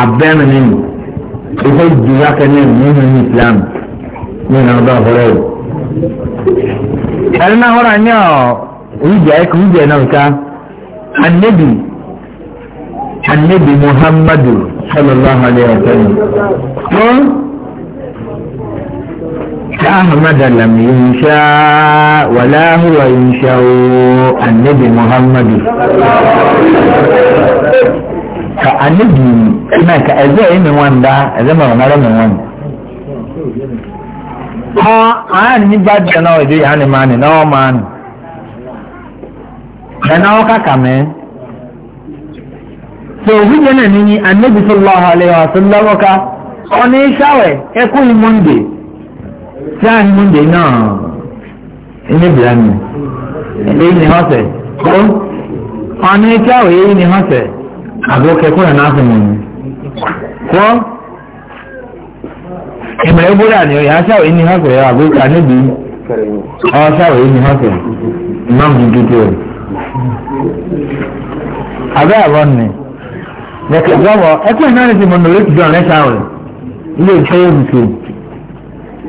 abẹ́mi lẹ́yìn ìfẹ́ ìjìyà kẹ́lẹ́ nínú ní islam nínú ọ̀dọ̀ ọ̀họ́rẹ́ o. ẹni náà wọ́n ní ọ̀ ìjẹ́ ẹ̀kọ́ ìjẹ́ náà ká anabi anabi muhammadu sallallahu alayhi wa sallam. كأحمد لم ينشا ولا هو ينشا النبي محمد كأنبي ما كأزاي من وان دا أزاي من وان ha a ni ba di ẹna ọjọ ya ni ma ni na ọma ni ẹna ọka kàmẹ so òhun yẹn na ni anabi sallallahu alayhi wa sallam ọka ọ ní sáwẹ ẹkú sáà ní múndé náà ilé ìbílẹ̀ mi èyí ni wọ́n sẹ̀ kó ọ̀nà ìkẹ́ àwọn èyí ni wọ́n sẹ̀ àbúrò kẹ́kọ̀ọ́ yẹn náà fún mi kó ìmọ̀lẹ́ bóra ni ọ̀yà sáà èyí ni wọ́n sẹ̀ àbúrò kà níbi ọ̀ sáà èyí ni wọ́n sẹ̀ ìmáàmù dídí o abẹ́ àbọ̀ ni lẹ́kẹ̀ẹ́ gbọ́wọ́ ẹ̀kọ́ ìnáyẹ̀ ti mọ̀ nà ti dùn ọ̀rẹ́ sáà ilé ìfẹ́ yóò fi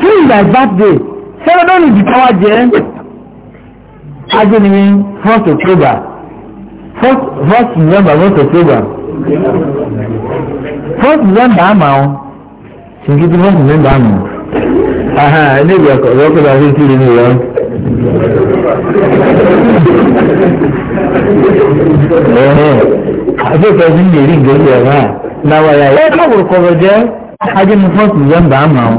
three is my birthday seven don need káwá jẹ́ ajé ni mi first october first first november first october first november àmà ọ́ ṣìǹkìtì first november àmà ọ́ ilé ìgbà ọ̀rọ̀kọ̀ bá fi ń kiri ní ìlọ. àti ìfẹ́ sí ní èrí ìgbésẹ̀ náà náwó ya ẹ̀ káwòrò kọ̀rọ̀ jẹ́ ajé ní fọ́ọ̀tù yẹn bá a mọ̀ ọ́.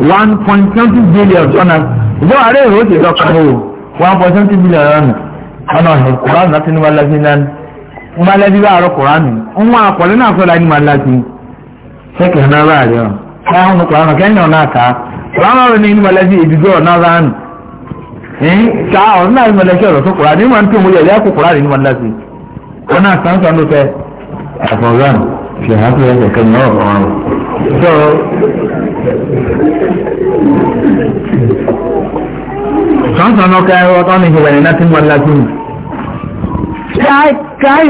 one point twenty billion ọ̀nà ìjọ ààrẹ èrò ti lọ́kàn o one point twenty billion ọ̀nà ọ̀nà ọ̀hìn kùránù láti ní malabi lánàá malabi bá àrọ kùránù wọn àpọ̀lẹ́ náà sọ̀rọ̀ ní malabi sẹ́kẹ̀ náà bá rẹ̀ ọ̀ káwọn kùránù kẹ́yìn ọ̀nà àká kùránù ọ̀rọ̀ ní malabi ìdúgbò ọ̀nà ránù ká na náà ní ọ̀rọ̀ tó kùránù ní wọn tó mú kùránù ní sọ́nsọ́n náà ká ẹ̀rọ ọ̀tọ́ ní ìwẹ̀ nínú tí wọ́n lásì ní. káyì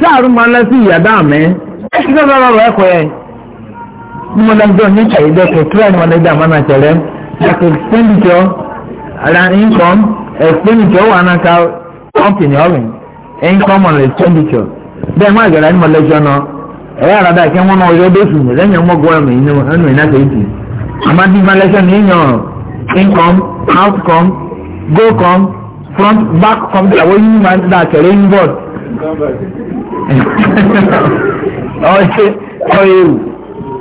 sáàrù máa lásì ìyàdá mẹ́ ẹ̀kí sọ́sọ́ lọ́rọ̀ ẹ̀kọ́ ẹ̀ ní mo lọ́dọ̀ ní ìṣàyẹ̀dẹ́ kò tíra ní wọlé dàmọ́ náà tẹ̀lẹ́ yàtọ̀ expenditure ara income expenditure wà náà ká company ọ̀rìn income and expenditure bẹ́ẹ̀ má ìgbàlá ní mo lẹ́jọ́ náà ẹ̀yà àràdà kí wọ́n náà yọdọ̀ sùn lẹ́yìn ọmọ gọ́ọ̀mù ẹnu ìná kẹ́yìtì àmà dìgbà lẹ́sẹ̀ ní yàn income outcome go come front back come tí àwọn yìí máa ń dà kẹ̀lé ń bọ̀ ọ̀ṣẹ́ ọ̀ẹ́wù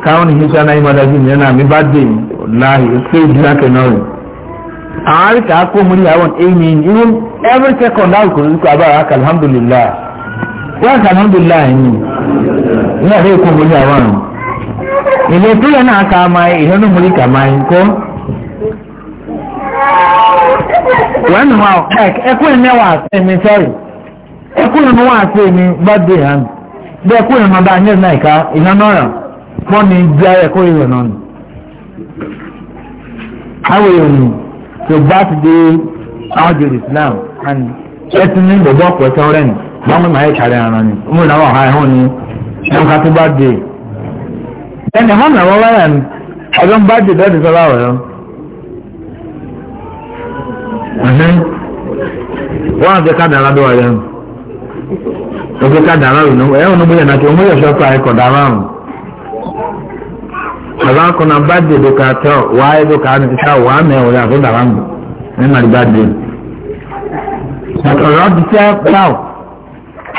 káwọn ní sísá náà ìmọ̀dá sí ìyẹn náà mi bá dé láàyè ṣé ìjìlá kẹ́nà rẹ̀ àárín kàá kó mú ní àwọn èèyàn even every second náà kò ní kó abára alhamdulilayi. wọn kà alhamdulilayi ni wọn àti ikú mo ní àwọn àrùn ìlú ìpínlẹ̀ náà na á máa ìlú ọdún mọ́lì kà máa ń kọ́. wọ́n nù wá ẹkú ẹ̀ náà wà á mi sọ́rí ẹkú ẹ̀ náà wà mi bá dé hàn bí ẹkú ẹ̀ bá ní ẹ̀sìn àìká ìná náà rà wọ́n ní bí náà nù. bá ti dé àwọn ní gbogbo ọ̀pọ̀ ẹ̀sán wọ́n mọ̀ ẹ́ kàrí ara ni wọ́n náà wọ́n ha ẹ̀hún ni wọ́n ká tó bá dé ẹni hàn náà wọ́n wáyà ni ọdún bá dé dẹ́ẹ̀dì sọ́lá ọ̀rọ̀ wọ́n àti ká dàrá dọ́wọ́ rẹ̀ òkè ká dàrá rẹ̀ ẹ̀ ọ̀nà bóyá náà kí wọ́n yẹ̀ sọ́kọ̀ ẹ̀kọ́ dàrá rẹ̀ ọ̀rọ̀ akọ̀nà bá dé dọ́kà tọ́ wàá ẹ̀ dọ́kà ní ká wàá mẹ́ ọ̀rẹ́ àtọ́ dàrá ẹ̀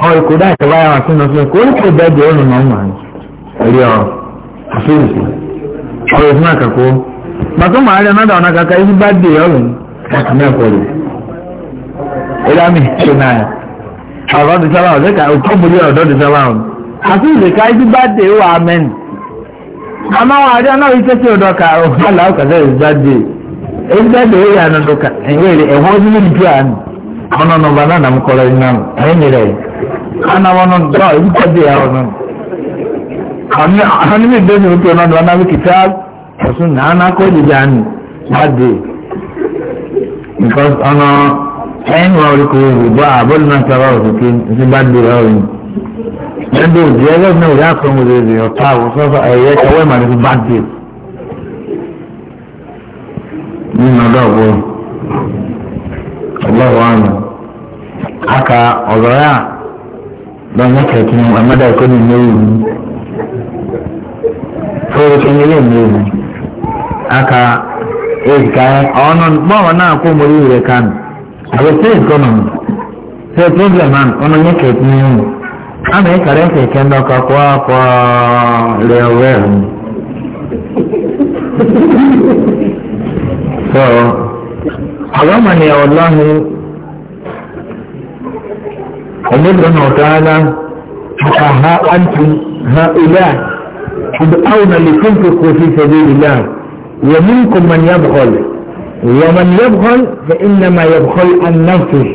ọ̀rọ̀ kò yà wà fún ọ kò ó kò bẹ́ẹ̀ jẹ́ ọ̀rùn náà wàn rí ọ ọ̀rọ̀ ìfún àkàkọ́ bàtọ́ màá rí ọ̀nàdà ọ̀nà kàkà ibi bá dé ọ̀rùn kàkà mẹ́kọ̀ọ́ rẹ̀ ẹ̀dá mi ṣe náà ọ̀rọ̀ ti sábà ọ̀dẹ́ ká òkú mú rí ọ̀dọ́ sábà ọ̀rùn àfihàn ká ibi bá dé wà ọ̀nà nọmba náà nàmú kọ́lá yín náà ẹ̀yìn nìyẹn ana wọn nọ dọ́ ẹ̀yìn kọ́jú ẹ̀ ọ̀nà àwọn ní ìdó ní òkè ọ̀nà ọ̀nà náà kìtà ọ̀sùn náà náà kọ́ jíjà ní láti because ọ̀nà ẹ̀yìn wọn rí kúrò ìbọ̀ àbọ̀lù náà sábà òkè ní bá dé ọ̀rìn ẹ̀dọ́ òjì ẹlẹ́sìn náà rí àkọ́mọdé rẹ̀ ọ̀tá àwòsọ́fà ẹ̀yẹ ẹ̀wẹ́ ìmàlẹ́ ka ọ̀rọ̀ yà lọ́nà kẹ̀kẹ́ ní amádà ẹ̀kọ́ ní ilé ìlú fọwọ́ kí ní ilé ìlú aka èzìká ọ̀nà bọ́ọ̀ náà kó mo rí rẹ̀ kan àwọn tí èzìkọ́ nà mí ṣe problem man ọ̀nà ní kẹ̀kẹ́ ní ìlú ama ẹ̀kàrẹ́ kẹ̀kẹ́ ní ọkọ̀ kọ́ ọkọ̀ rẹ̀ ọ̀rẹ́ rẹ̀ so ọ̀rọ̀ mọ̀ ni ọ̀lọ́hìn ومدرنا وتعالى ها أنتم هؤلاء تدعون لتنفقوا في سبيل الله ومنكم من يبخل ومن يبخل فإنما يبخل عن نفسه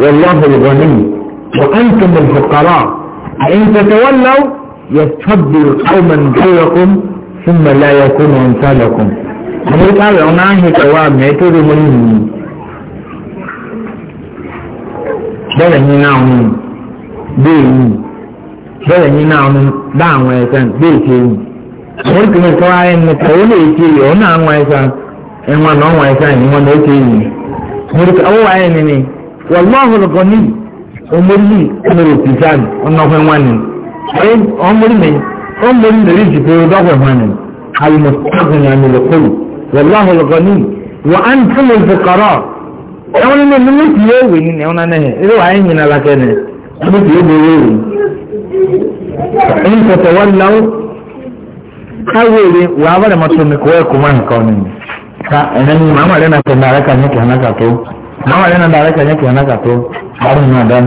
والله الغني وأنتم الفقراء فإن تتولوا يستبدل قوما غيركم ثم لا يكون أمثالكم. bẹ́ẹ̀ ni náà mú un bẹ́ẹ̀ mú un bẹ́ẹ̀ ni náà mú un bá àwọn ẹ̀sán bẹ́ẹ̀ ṣe mú un. àwọn ìkùnú ìkọ́ ayé ni kò ó lè ṣe yìí ọ̀nà àwọn ẹ̀sán ẹ̀wọ̀n náà wọ̀n ẹ̀sán ìwọ̀n náà ṣe yìí. mo rí owó ayé ni ni wọ́n mú àwọn olùkọ́ ní omori omori pisan ọ̀nàfẹ́ wọn ni ọmọrí mi ọmọrí mi rí jùlọ dọ́fẹ̀ wọn ni àwọn mọ̀tàkùn yà ẹwọn nínú ẹni ní ti yéèwé ni ẹwọn náà nẹhẹ ẹni wàá ẹyìn náà lakẹ nẹ ẹni ti yéèwé yéèwé ẹni tẹtẹ wọn lọ káwéèrè wàá bá dàmọ́ tó mi kó ẹ̀kọ́ mọ́ nǹkan ni ká ẹ̀rẹ́ ni màmá rẹ̀ náà tẹ̀ ní àrẹ́kà ní kìhánà kàtó màmá rẹ̀ náà tẹ̀ àrẹ́kà ní kìhánà kàtó àrùn náà dá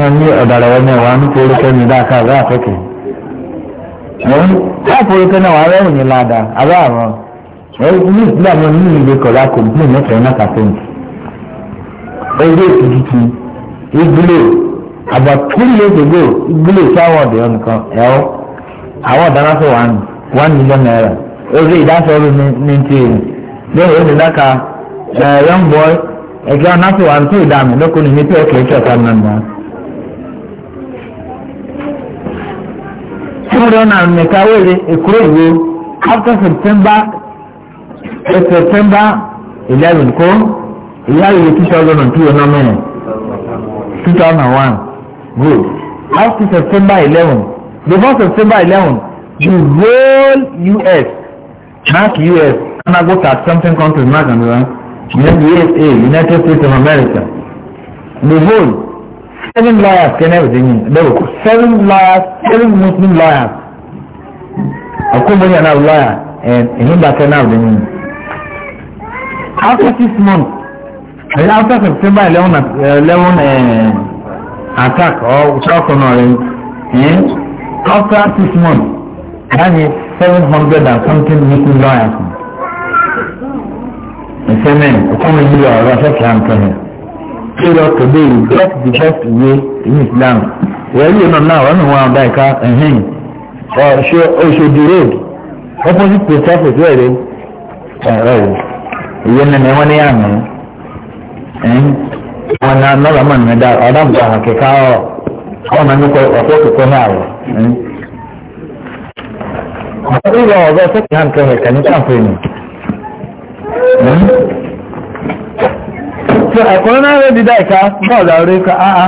wọn ní ọ̀dàrà wọn náà wàá ní kóró kẹ́mi dá ká àbẹ́ àtọ́kẹ́ ẹ̀rọ káàkóró kẹ́ náà wàá rẹ̀ ẹgbẹ́ ìtìjìtì igbó about two years ago igbó sí àwọn ọ̀dọ́ nìkan ẹ̀họ́ àwọn ọ̀dáná sí one one million naira orí ìdásọ́rù ní ti èrè lẹ́yìn oṣù dáka young boy ẹ̀kẹ́ ọ̀nà sí one two ìdáàmì lọ́kùnrin ní tí ó kìí ṣọ̀tà nàmà. tí wọ́n lọ́nà nìka wéèrè èkúrò ìwé after september eh, september eleven kó ìyá ìwé two thousand and two ọ̀nà mẹ́rin two thousand and one good after september eleven before september eleven the whole us mark us I go anagota something country mark and run then usa united states of america the whole seven lawyers can everything in there were seven lawyers seven muslim lawyers akumuni another lawyer and ehimba can everything in after six months And after September 11, uh, 11 uh, attack or shock on our eh? eh, after six months, that is 700 and something missing lawyers. The same man, the common leader of Russia can come here. Say that today is just the best way in Islam. Well, you know now, I don't want to die car and hang. Or show, or show the road. Opposite the surface, where they? Uh, right. You're in the one wọn náà nọ́ọ̀rọ̀ mọ̀ nínú dáa ọ̀dọ́ nǹkan àwọn kẹ̀kẹ́ ọ̀ ọ̀ máa ń kọ́ ọ̀pọ̀ kẹ̀kọ́ náà wọ̀. ọ̀pọ̀ ìlọ ọ̀gá sẹ́kì hàn kẹ̀kẹ́ kẹ̀ ní káàpù ni. ẹ̀kọ́ náà rẹ̀ dídá ìka bọ́ọ̀lù àwòrán ìka áá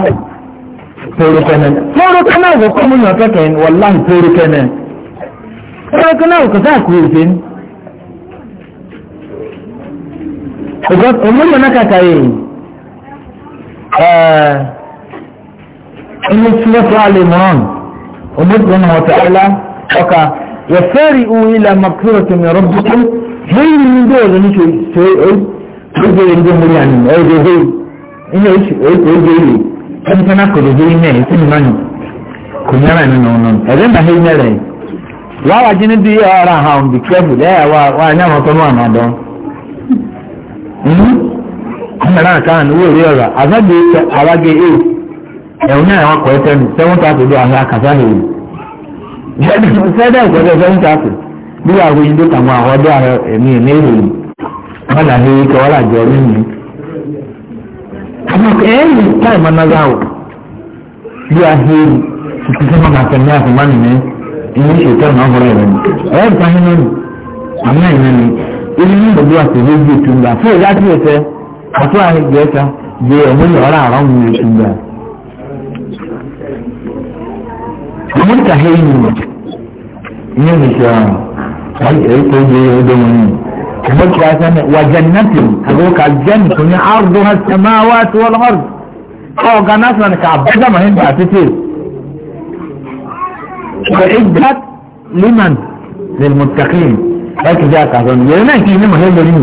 pèrè kẹ́nẹ̀. pèrè kò kọ́ yàn kẹ́kẹ́ wọ̀láhì pèrè kẹ́nẹ̀. pèrè kò sáà kú inú sílẹ̀tọ́ alìmọ́ràn onígbọ̀nà ọ̀tàlá ọkà yẹ̀fẹ́rì ohun ilẹ̀ makirọ̀tì mi rọ́bùkún lẹ́yìn ní bẹ́ẹ̀rẹ̀ ní ṣe ojúrere ndé múrí àná ẹ̀rọ ìwé ilé ojú ilé ẹnìkaná kò lójú iná ẹ̀ sí nìmánu kò nyára nínú ọ̀nà ẹ̀rẹ́ nà hẹ́yìn rẹ̀ wà wá jí ní bí ọ̀rọ̀ àhàn bìkẹ́fù lẹ́yà wà nyàmọ̀tọ́ náà ọmọlára kan owó ìwé ọ̀rọ̀ àfẹ́gbé àwágé a ẹ̀hún náà wọn kọ̀ ẹ́ tẹ́nu seven thirty do àwọn akásá hèrè sẹ́dẹ̀ ìkọ́jọ́ seven thirty bí wàá fún yín tó kàn wọ́n àwọn ọdún ààrẹ ẹ̀mí ẹ̀mí èrè wọn là ní ikọ̀ wọn là jọ mímu. àmọ́ ẹ̀yìn táì máa náà záwọ̀ bí wàá fún yín tuntun sọ́mọ́ máa tẹ̀lé àfọ̀mọ́ nìyẹn ìyẹn ṣètò ọ̀nà ọ̀hún ẹ̀rọ ni àti àwọn ìgbẹ́ ẹ̀ka bí ẹ̀mọ́lẹ̀ ọ̀rọ̀ àrọ̀ ń rìn ìgbà. amurka ha yi ne yin da wani ɗari ko je ya da wani kamar ki asa ne wa jannatin a zo ka jannatu ne ardu has samawati wal ard aw ganasna ka abada mahin ba ta ce ka iddat liman lil muttaqin kai ki ja ka zan yana ki ne mahin da ni